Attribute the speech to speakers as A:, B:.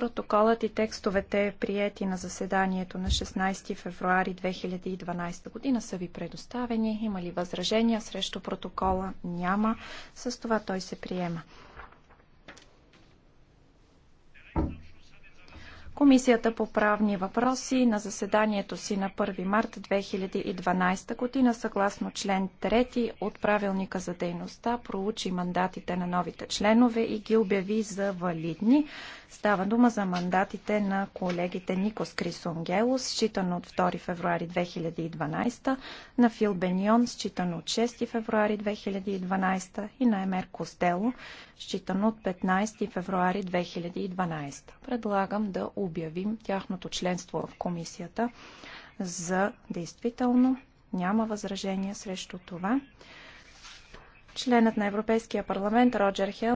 A: Протоколът и текстовете, приети на заседанието на 16 февруари 2012 година, са ви предоставени. Има ли възражения срещу протокола? Няма. С това той се приема. Комисията по правни въпроси на заседанието си на 1 март 2012 година, съгласно член 3 от правилника за дейността, проучи мандатите на новите членове и ги обяви за валидни. Става дума за мандатите на колегите Никос Крисонгелос, считано от 2 февруари 2012, на Фил Беньон, считано от 6 февруари 2012 и на Емер Костело, считано от 15 февруари 2012. Предлагам да обявим тяхното членство в комисията за действително. Няма възражение срещу това. Членът на Европейския парламент Роджер Хел